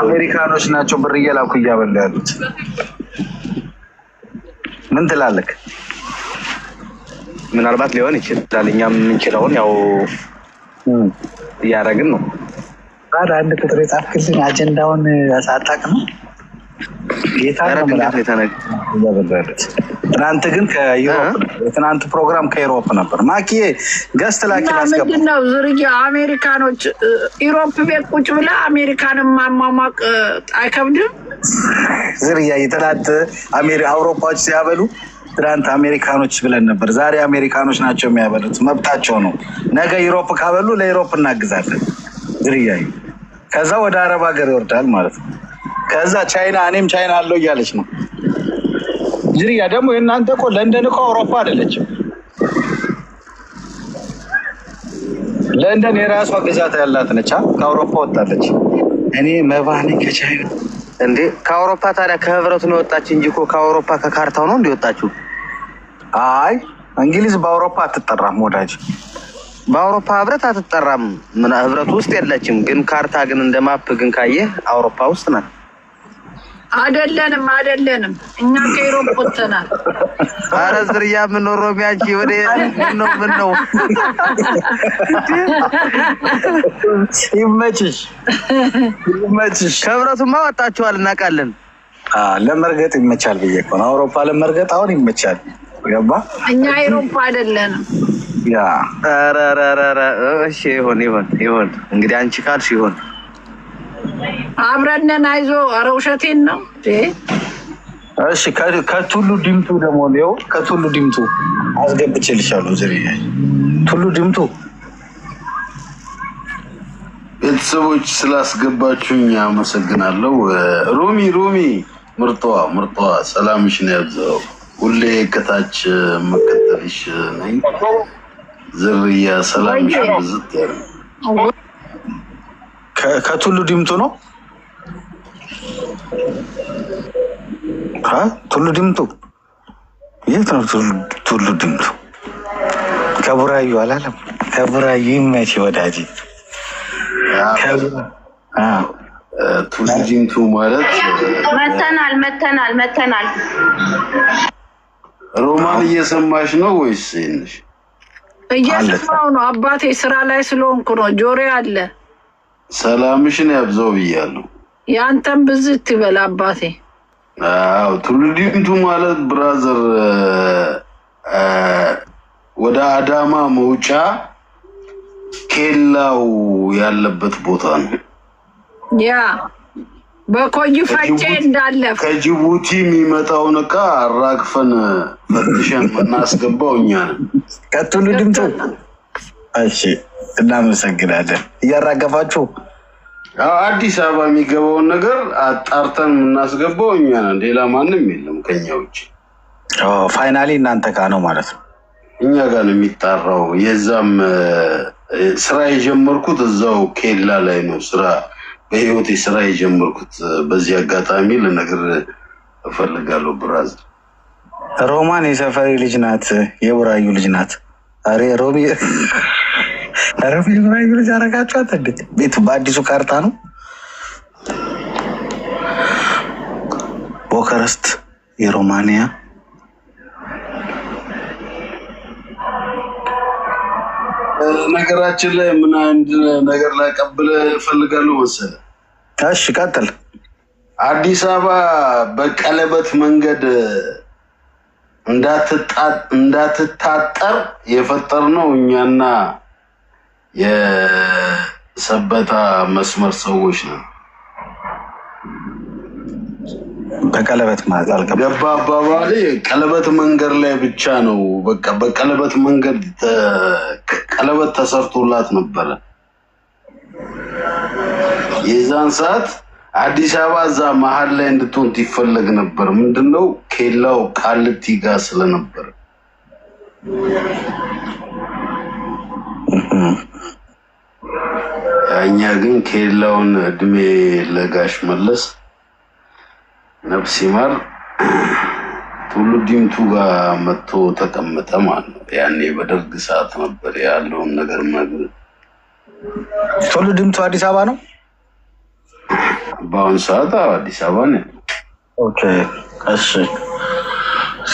አሜሪካኖች ናቸው ብር እየላኩ እያበሉ ያሉት። ምን ትላለህ? ምናልባት ሊሆን ይችላል። እኛም የምንችለውን ያው እያደረግን ነው። አንድ ቁጥር የጻፍክልን አጀንዳውን አሳጣቅ ነው ጌታ ነው ትናንት ግን ትናንት ፕሮግራም ከኢሮፕ ነበር። ማኪዬ ገስት ላኪ ላስገባ ምንድን ነው ዝርያ አሜሪካኖች ኢሮፕ ቤት ቁጭ ብላ አሜሪካንን ማሟሟቅ አይከብድም። ዝርያ የትናንት አውሮፓዎች ሲያበሉ ትናንት አሜሪካኖች ብለን ነበር። ዛሬ አሜሪካኖች ናቸው የሚያበሉት፣ መብታቸው ነው። ነገ ኢሮፕ ካበሉ ለኢሮፕ እናግዛለን። ዝርያ ከዛ ወደ አረብ ሀገር ይወርዳል ማለት ነው። ከዛ ቻይና እኔም ቻይና አለው እያለች ነው ዝርያ ደግሞ የእናንተ እኮ ለንደን እኮ አውሮፓ አይደለችም። ለንደን የራሷ ግዛት ያላት ነቻ። ከአውሮፓ ወጣለች። እኔ መባህኔ ከቻይ እንዴ! ከአውሮፓ ታዲያ ከህብረቱ ነው የወጣች እንጂ እኮ ከአውሮፓ ከካርታው ነው እንዲወጣችው። አይ እንግሊዝ በአውሮፓ አትጠራም ወዳጅ፣ በአውሮፓ ህብረት አትጠራም። ህብረቱ ውስጥ የለችም። ግን ካርታ ግን እንደ ማፕ ግን ካየህ አውሮፓ ውስጥ ናት። አደለንም አደለንም፣ እኛ ከኢሮብ ወጥተናል። አረ ዝርያ ምን ኦሮሚያ ወደ ምን ነው ምን ነው? ይመችሽ፣ ይመችሽ። ከህብረቱማ ወጣችኋል፣ እናውቃለን። ለመርገጥ ይመቻል ብዬ እኮ ነው። አውሮፓ ለመርገጥ አሁን ይመቻል። ገባ። እኛ ኢሮፓ አይደለንም። ያ ኧረ ኧረ ኧረ እሺ፣ ይሁን ይሁን ይሁን። እንግዲህ አንቺ ካልሽ ይሁን። አብረነን አይዞ። ኧረ ውሸቴን ነው። እሺ ከቱሉ ድምቱ ደግሞ ው ከቱሉ ድምቱ አስገብቼልሻለሁ። ዝር ቱሉ ድምቱ ቤተሰቦች ስላስገባችሁኝ አመሰግናለሁ። ሩሚ ሩሚ ምርጧ ምርጧ፣ ነው ያብዛው። ሁሌ ከታች መከተልሽ ነኝ። ዝርያ ሰላምሽ ብዝት ያለ ከቱሉ ዲምቱ ነው። ቱሉ ዲምቱ የት ነው? ቱሉ ዲምቱ ከቡራዩ አላለም። ከቡራዩ ይመች ወዳጅ። ቱሉ ዲምቱ ማለት መተናል መተናል መተናል። ሮማን እየሰማሽ ነው ወይስ ነሽ? እየሰማው ነው አባቴ፣ ስራ ላይ ስለሆንኩ ነው ጆሮ አለ ሰላምሽን ያብዛው ብያለሁ። የአንተም ብዝት ይበል አባቴ። አዎ ትውልዲቱ ማለት ብራዘር ወደ አዳማ መውጫ ኬላው ያለበት ቦታ ነው። ያ በኮዩ ፈጬ እንዳለፍ ከጅቡቲ የሚመጣውን እቃ አራግፈን መሸን የምናስገባው እኛ ነን። ከትውልድምቱ። እሺ እናመሰግናለን። እያራገፋችሁ አዲስ አበባ የሚገባውን ነገር አጣርተን የምናስገባው እኛ ነን። ሌላ ማንም የለም ከኛ ውጭ። ፋይናሊ እናንተ ጋ ነው ማለት ነው። እኛ ጋ ነው የሚጣራው። የዛም ስራ የጀመርኩት እዛው ኬላ ላይ ነው። ስራ በህይወት ስራ የጀመርኩት በዚህ አጋጣሚ ልነግር እፈልጋለሁ። ብራዝ ሮማን የሰፈሪ ልጅ ናት፣ የቡራዩ ልጅ ናት። ሮሚ ረፊልማዊ ልጅ አረጋችኋት። እንዴት ቤቱ በአዲሱ ካርታ ነው። ቦከረስት የሮማንያ ነገራችን ላይ ምን አንድ ነገር ላይ ቀብለ እፈልጋለሁ መሰለህ። እሺ ቀጥል። አዲስ አበባ በቀለበት መንገድ እንዳትታጠር የፈጠር ነው እኛና የሰበታ መስመር ሰዎች ነው። በቀለበት ገባ አባባሌ ቀለበት መንገድ ላይ ብቻ ነው። በቃ በቀለበት መንገድ ቀለበት ተሰርቶላት ነበረ። የዛን ሰዓት አዲስ አበባ እዛ መሀል ላይ እንድትሆን ይፈለግ ነበር። ምንድነው ኬላው ቃልቲ ጋር ስለነበር እኛ ግን ከሌላውን እድሜ ለጋሽ መለስ ነፍስ ይማር ትውልድ ጋር መጥቶ ተቀመጠ ማለት ነው። ያኔ በደርግ ሰዓት ነበር ያለውን ነገር መግብ ትውልድ አዲስ አበባ ነው። በአሁን ሰዓት አዲስ አበባ ነው። ኦኬ እሺ።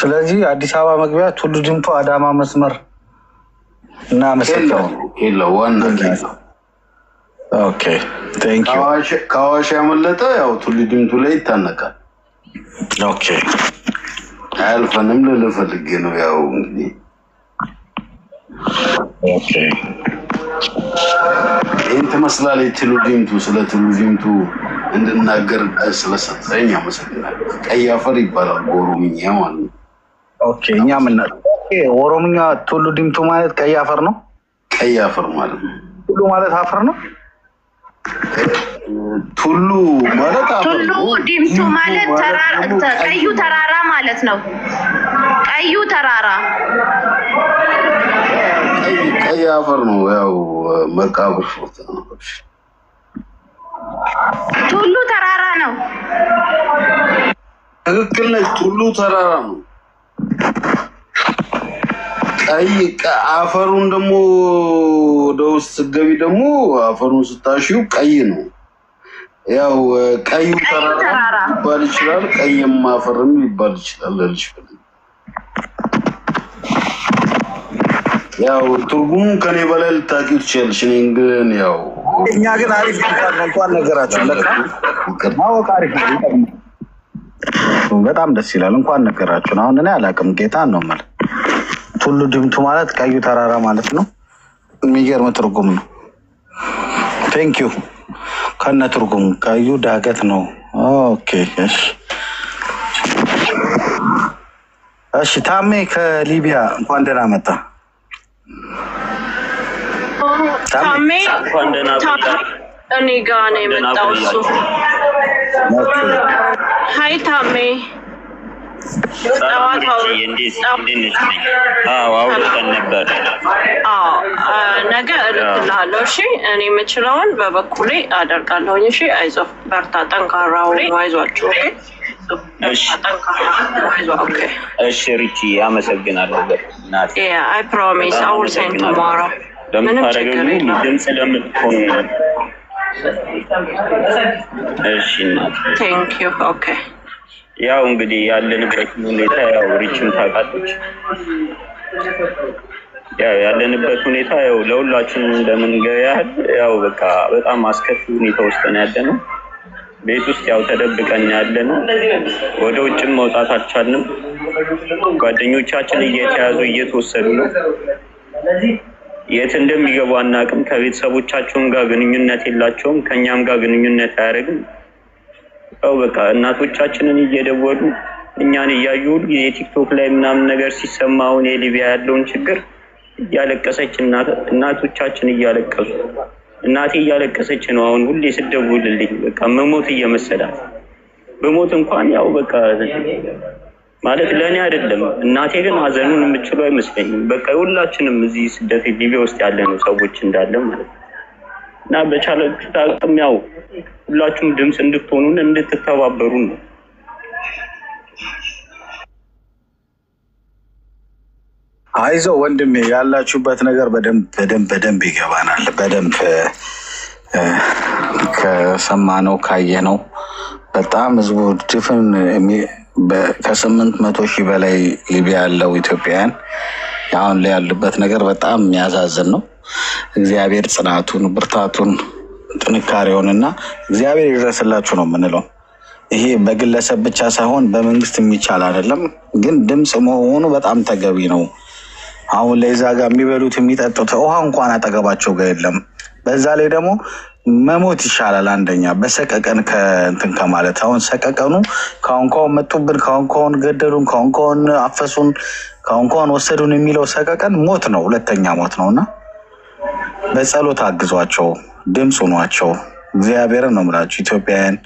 ስለዚህ አዲስ አበባ መግቢያ ትውልድ አዳማ መስመር እና ከአዋሽ ያመለጠ ያው ቱሊ ላይ ይታነቃል። ኦኬ አያልፈንም ልልህ ነው። ያው እንግዲህ ይህን ትመስላለህ። የትሉ ስለ ትሉ እንድናገር ስለሰጠኝ አመሰግናለሁ። ቀይ አፈር ይባላል በኦሮምኛ ማለት ነው። እኛ ምናል ኦሮምኛ ቱሉ ዲምቱ ማለት ቀይ አፈር ነው። ቀይ አፈር ማለት ነው። ቱሉ ማለት አፈር ነው። ቱሉ ማለት ቱሉ ዲምቱ ማለት ቀዩ ተራራ ማለት ነው። ቀዩ ተራራ ቀይ አፈር ነው። ያው መቃብር ቦታ ነው። ቱሉ ተራራ ነው። ትክክል ነች። ቱሉ ተራራ ነው። አፈሩን ደግሞ ወደ ውስጥ ስትገቢ ደግሞ አፈሩን ስታሽው ቀይ ነው። ያው ቀዩ ተራራ ይባል ይችላል፣ ቀይም አፈርም ይባል ይችላል። ልጅ ያው ትርጉም ከኔ በላይ ልታውቂው ትችያለሽ። እኔ ግን ያው እኛ ግን አሪፍ እንኳን ነገራችሁ ለካ ማወቅ አሪፍ ነው። በጣም ደስ ይላል። እንኳን ነገራችሁ። አሁን እኔ አላውቅም ጌታ ነው ማለት ቱሉ ድምቱ ማለት ቀዩ ተራራ ማለት ነው። የሚገርም ትርጉም ነው። ቴንክ ዩ ከነ ትርጉም ቀዩ ዳገት ነው። ኦኬ እሺ። ታሜ ከሊቢያ እንኳን ደህና መጣ። ታሜ እኔ ጋ ነው የመጣው እሱ። ሀይ ታሜ ነገ እልክልሃለሁ። እሺ እኔ የምችለውን በበኩሌ አደርጋለሁ። እሺ አይዞህ፣ በርታ፣ ጠንካራ አይዟችሁ። እሺ ሪቺ፣ አመሰግናለሁ። አይ ፕሮሚስ አውል ለምታደርገው ድምፅ ለምትሆኑ እሺ፣ እናት ቴንክ ዩ ኦኬ ያው እንግዲህ ያለንበት ሁኔታ ያው ሪችም ታውቃለች። ያው ያለንበት ሁኔታ ያው ለሁላችንም እንደምንገ ያህል ያው በቃ በጣም አስከፊ ሁኔታ ውስጥ ነው ያለ ነው። ቤት ውስጥ ያው ተደብቀን ያለ ነው። ወደ ውጭም መውጣት አልቻልንም። ጓደኞቻችን እየተያዙ እየተወሰዱ ነው። የት እንደሚገቡ አናውቅም። ከቤተሰቦቻቸውም ጋር ግንኙነት የላቸውም። ከእኛም ጋር ግንኙነት አያደርግም። ያው በቃ እናቶቻችንን እየደወሉ እኛን እያዩ ሁል ጊዜ ቲክቶክ ላይ ምናምን ነገር ሲሰማ አሁን የሊቢያ ያለውን ችግር እያለቀሰች እናቶቻችን እያለቀሱ እናቴ እያለቀሰች ነው አሁን ሁሌ ስደውልልኝ በቃ መሞት እየመሰላት በሞት እንኳን ያው በቃ ማለት ለእኔ አይደለም እናቴ ግን ሀዘኑን የምችሉ አይመስለኝም። በቃ ሁላችንም እዚህ ስደት ሊቢያ ውስጥ ያለ ነው ሰዎች እንዳለ ማለት እና በቻለ ያው ሁላችሁም ድምፅ እንድትሆኑን እንድትተባበሩን ነው። አይዞ ወንድሜ ያላችሁበት ነገር በደንብ በደንብ በደንብ ይገባናል። በደንብ ከሰማነው ካየነው በጣም ህዝቡ ድፍን ከስምንት መቶ ሺህ በላይ ሊቢያ ያለው ኢትዮጵያውያን አሁን ላይ ያሉበት ነገር በጣም የሚያሳዝን ነው። እግዚአብሔር ጽናቱን ብርታቱን ጥንካሬውንና እግዚአብሔር ይድረስላችሁ ነው የምንለው። ይሄ በግለሰብ ብቻ ሳይሆን በመንግስት የሚቻል አይደለም፣ ግን ድምፅ መሆኑ በጣም ተገቢ ነው። አሁን ለዛ ጋር የሚበሉት የሚጠጡት ውሃ እንኳን አጠገባቸው ጋር የለም። በዛ ላይ ደግሞ መሞት ይሻላል። አንደኛ በሰቀቀን ከእንትን ከማለት አሁን ሰቀቀኑ ካሁን ካሁን መጡብን፣ ካሁን ካሁን ገደሉን፣ ካሁን ካሁን አፈሱን፣ ካሁን ካሁን ወሰዱን የሚለው ሰቀቀን ሞት ነው፣ ሁለተኛ ሞት ነው እና በጸሎት አግዟቸው። ድምፅ ሆኗቸው እግዚአብሔርን ነው የምላቸው ኢትዮጵያውያን፣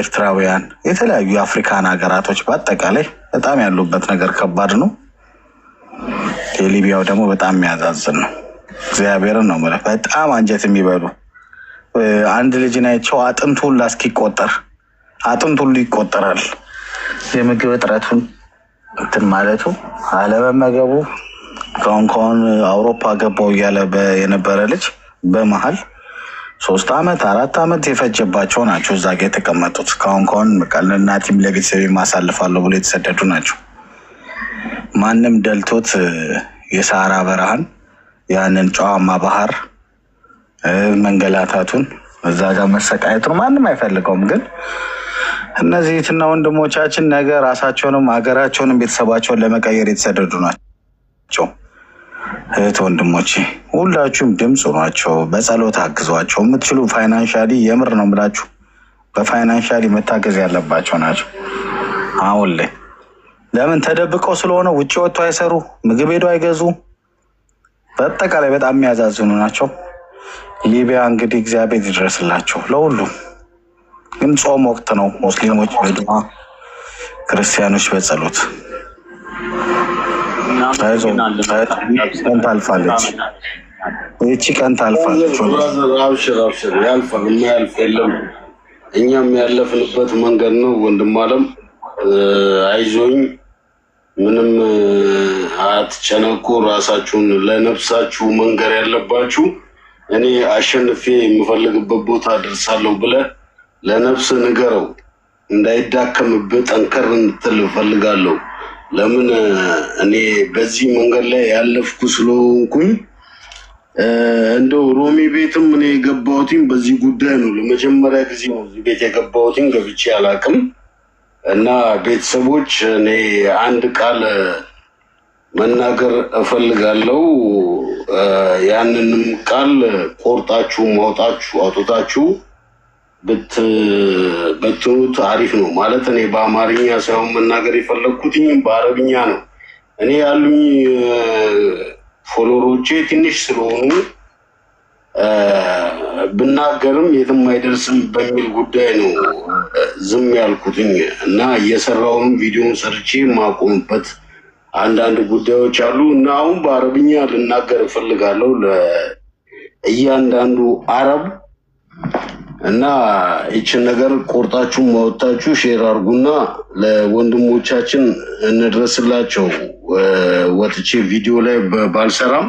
ኤርትራውያን፣ የተለያዩ የአፍሪካን ሀገራቶች በአጠቃላይ በጣም ያሉበት ነገር ከባድ ነው። የሊቢያው ደግሞ በጣም የሚያዛዝን ነው። እግዚአብሔርን ነው የምልህ በጣም አንጀት የሚበሉ አንድ ልጅ ናቸው። አጥንቱ ሁሉ እስኪቆጠር አጥንቱ ሁሉ ይቆጠራል። የምግብ እጥረቱን እንትን ማለቱ አለመመገቡ ከሆን ከሆን አውሮፓ ገባው እያለ የነበረ ልጅ በመሀል ሶስት አመት አራት አመት የፈጀባቸው ናቸው እዛ ጋ የተቀመጡት። ከአሁን ከአሁን ቲም ለቤተሰብ ማሳልፋለሁ ብሎ የተሰደዱ ናቸው። ማንም ደልቶት የሳራ በረሃን ያንን ጨዋማ ባህር መንገላታቱን እዛ ጋር መሰቃየቱን ማንም አይፈልገውም። ግን እነዚህ እህትና ወንድሞቻችን ነገ ራሳቸውንም ሀገራቸውንም ቤተሰባቸውን ለመቀየር የተሰደዱ ናቸው። እህት ወንድሞቼ ሁላችሁም ድምፅ ሆኗቸው በጸሎት አግዟቸው። የምትችሉ ፋይናንሻሊ የምር ነው ምላችሁ። በፋይናንሻሊ መታገዝ ያለባቸው ናቸው። አሁን ላይ ለምን ተደብቀው ስለሆነ ውጭ ወጥቶ አይሰሩ፣ ምግብ ሄዶ አይገዙ። በአጠቃላይ በጣም የሚያዛዝኑ ናቸው። ሊቢያ እንግዲህ እግዚአብሔር ይድረስላቸው ለሁሉም። ግን ጾም ወቅት ነው። ሙስሊሞች በዱዓ ክርስቲያኖች በጸሎት ቀን ታልፋለች። ይቺ ቀን ታልፋለች። አብሽር ያልፋል። የለም። እኛም ያለፍንበት መንገድ ነው። ወንድም አለም አይዞኝ፣ ምንም አትጨነቁ። ራሳችሁን ለነፍሳችሁ መንገር ያለባችሁ እኔ አሸንፌ የምፈልግበት ቦታ ደርሳለሁ ብለ ለነፍስ ንገረው፣ እንዳይዳከምብህ ጠንከር እንድትል እፈልጋለሁ። ለምን እኔ በዚህ መንገድ ላይ ያለፍኩ ስለሆንኩኝ እንደው ሮሚ ቤትም እኔ የገባሁትኝ በዚህ ጉዳይ ነው። ለመጀመሪያ ጊዜ ነው እዚህ ቤት የገባሁትኝ። ገብቼ አላቅም እና ቤተሰቦች እኔ አንድ ቃል መናገር እፈልጋለሁ። ያንንም ቃል ቆርጣችሁ ማውጣችሁ አውጥታችሁ ብትሉት አሪፍ ነው። ማለት እኔ በአማርኛ ሳይሆን መናገር የፈለግኩትኝ በአረብኛ ነው። እኔ ያሉኝ ፎሎሮቼ ትንሽ ስለሆኑ ብናገርም የትም አይደርስም በሚል ጉዳይ ነው ዝም ያልኩትኝ እና እየሰራውንም ቪዲዮን ሰርቼ ማቆምበት አንዳንድ ጉዳዮች አሉ እና አሁን በአረብኛ ልናገር እፈልጋለሁ ለእያንዳንዱ አረብ እና ይችን ነገር ቆርጣችሁ መወጣችሁ ሼር አርጉና ለወንድሞቻችን እንድረስላቸው። ወጥቼ ቪዲዮ ላይ ባልሰራም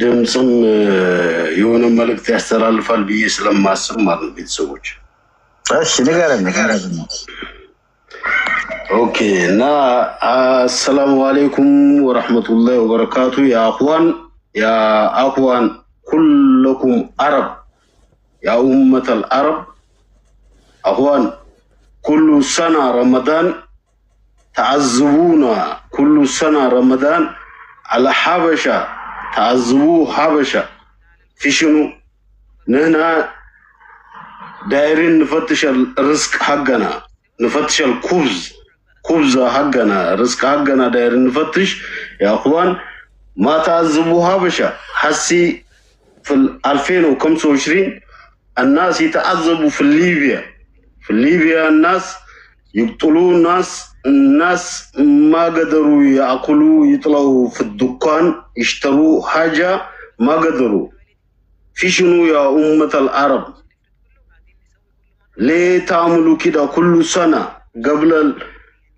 ድምፅም የሆነ መልእክት ያስተላልፋል ብዬ ስለማስብ ማለት ነው። ቤተሰቦች እሺ፣ ንገረን ንገረን። ኦኬ። እና አሰላሙ አሌይኩም ወረሕመቱላሂ ወበረካቱ። የአኽዋን የአኽዋን ኩለኩም አረብ يا أمة العرب أخوان كل سنة رمضان تعذبونا كل سنة رمضان على حبشة تعذبوا حبشة في شنو؟ نحن دايرين نفتش الرزق حقنا نفتش الكوز كوز حقنا رزق حقنا دايرين نفتش يا أخوان ما تعذبوا حبشة حسي في 2025 الناس يتعذبوا في ليبيا في ليبيا الناس يقتلوا ناس الناس ما قدروا ياكلوا يطلعوا في الدكان يشتروا حاجه ما قدروا في شنو يا امه العرب ليه تعملوا كده كل سنه قبل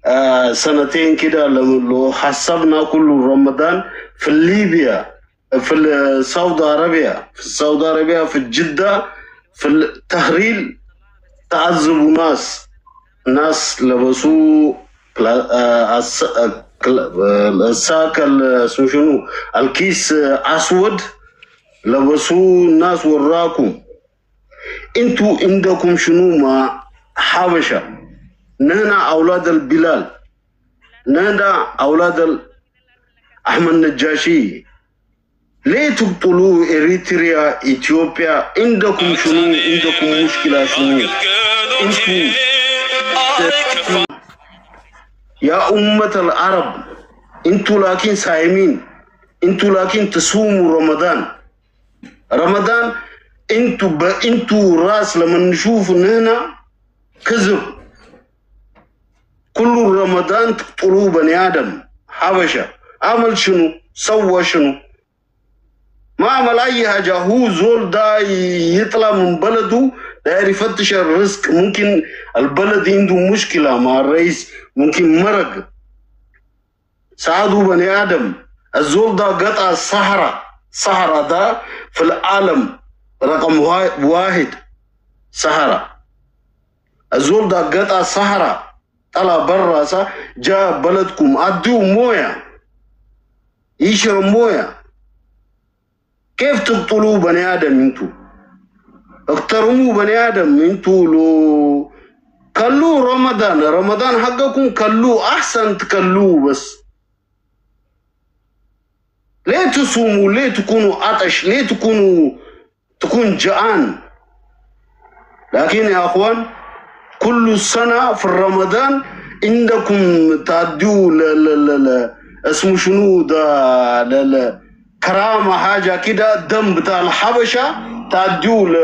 آه، سنتين كده لو حسبنا كل رمضان في ليبيا في السعودية عربيا في السعودية عربيا في جده في التهريل تعذبوا ناس ناس لبسوا آه، آه، الساك شنو الكيس اسود لبسوا ناس وراكم انتو عندكم شنو ما حبشه نانا اولاد البلال نانا اولاد احمد النجاشي لتبطلوا إريتريا إثيوبيا عندكم شنو عندكم مشكلة شنو انتو يا أمة العرب انتو لكن صايمين انتو لكن تصوموا رمضان رمضان انتو ب... انتو راس لما نشوف هنا كذب كل رمضان تقتلوا بني آدم حبشة عمل شنو سوى شنو ما عمل اي حاجه هو زول دا يطلع من بلده داير يفتش الرزق ممكن البلد عنده مشكله مع الرئيس ممكن مرق سعدو بني ادم الزول دا قطع الصحراء صحراء دا في العالم رقم واحد صحراء الزول دا قطع صحراء طلع برا جاء بلدكم أدو مويه يشرب مويه كيف تقتلوا بني آدم انتو اقترموا بني آدم انتو لو كلوا رمضان رمضان حقكم كلوا أحسن تكلوا بس ليه تصوموا ليه تكونوا عطش ليه تكونوا تكون جعان لكن يا أخوان كل سنة في رمضان عندكم تعدوا اسمه شنو ده كرامة حاجة كده دم بتاع الحبشة تعديه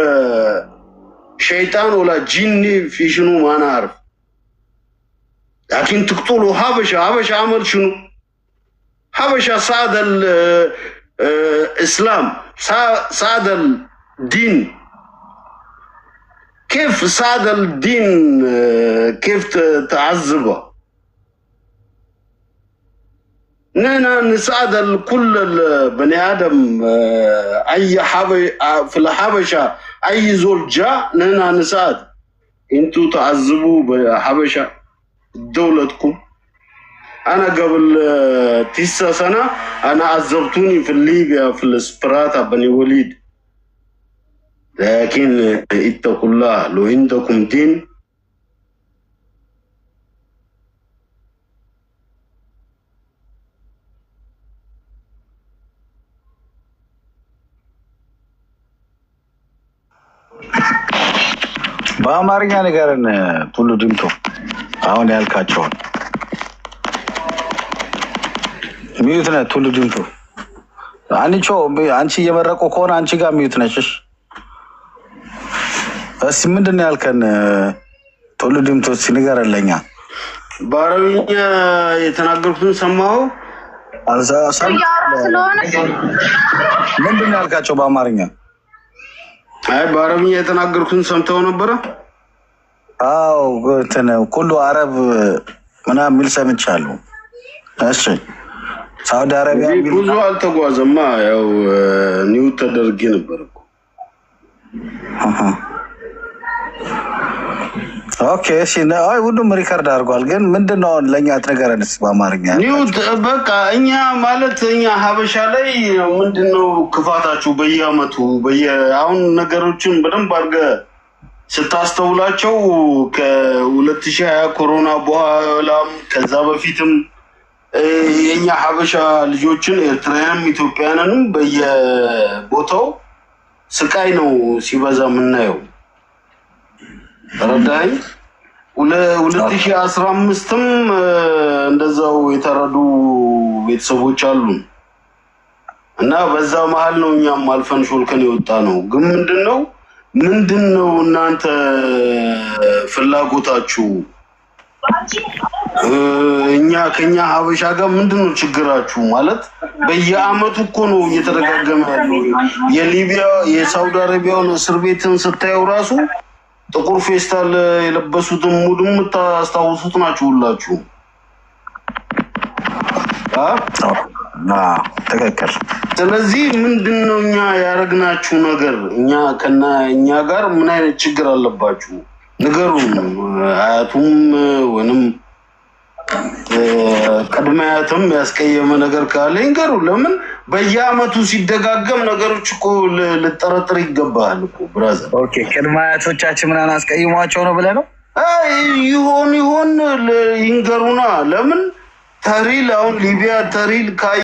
شيطان ولا جني في شنو ما نعرف لكن تقتلوا حبشة حبشة عمل شنو حبشة صعد الإسلام آه، صعد الدين كيف صعد الدين آه، كيف تعذبه نحن نساعد كل بني ادم آه، اي حبي آه، في الحبشه اي زول جاء نحن نساعد انتو تعذبوا بحبشه دولتكم انا قبل آه، تسع سنه انا عذبتوني في ليبيا في السبراتا بني وليد لكن اتقوا الله لو عندكم دين በአማርኛ ነገርን ሁሉ ድምቶ አሁን ያልካቸውን ሚዩት ነ ሁሉ ድምቶ አንቾ አንቺ እየመረቁ ከሆነ አንቺ ጋር ሚዩት ነሽ እሺ ምንድን ነው ያልከን ሁሉ ድምቶ ንገረን ለኛ በአረብኛ የተናገርኩትን ሰማው ስለሆነ ምንድን ነው ያልካቸው በአማርኛ አይ በአረብኛ የተናገርኩትን ሰምተው ነበረ? አዎ እንትን አረብ ምናምን የሚል ሰምቻለሁ። እሺ ሳውዲ አረቢያ ብዙ አልተጓዘማ፣ ያው ኒው ተደርጌ ነበር እኮ ኦኬ እሺ። አይ ሁሉም ሪከርድ አድርጓል። ግን ምንድን ነው ለእኛ አትነገረን ስ በአማርኛ በቃ እኛ ማለት እኛ ሀበሻ ላይ ምንድን ነው ክፋታችሁ? በየአመቱ አሁን ነገሮችን በደንብ አድርገህ ስታስተውላቸው ከሁለት ሺህ ሀያ ኮሮና በኋላም ከዛ በፊትም የእኛ ሀበሻ ልጆችን ኤርትራውያንም ኢትዮጵያውያንንም በየቦታው ስቃይ ነው ሲበዛ የምናየው። ረዳኝ ሁለት ሺህ አስራ አምስትም እንደዛው የተረዱ ቤተሰቦች አሉ እና በዛ መሀል ነው እኛም አልፈን ሾልከን የወጣ ነው። ግን ምንድን ነው ምንድን ነው እናንተ ፍላጎታችሁ? እኛ ከኛ ሀበሻ ጋር ምንድን ነው ችግራችሁ? ማለት በየአመቱ እኮ ነው እየተደጋገመ ያለው የሊቢያ የሳውዲ አረቢያውን እስር ቤትን ስታየው ራሱ ጥቁር ፌስታል የለበሱትን ሙድም የምታስታውሱት ናችሁ ሁላችሁ። ትክክል። ስለዚህ ምንድን ነው እኛ ያደረግናችሁ ነገር? እኛ ከና እኛ ጋር ምን አይነት ችግር አለባችሁ? ንገሩን። አያቱም ወይም ቅድመ አያትም ያስቀየመ ነገር ካለ ይንገሩ። ለምን በየአመቱ ሲደጋገም ነገሮች እኮ ልጠረጥር ይገባል እኮ ብራዘር። ቅድመ አያቶቻችን ምናምን አስቀይሟቸው ነው ብለህ ነው ይሆን ይሆን ይንገሩና። ለምን ተሪል አሁን ሊቢያ ተሪል ካይ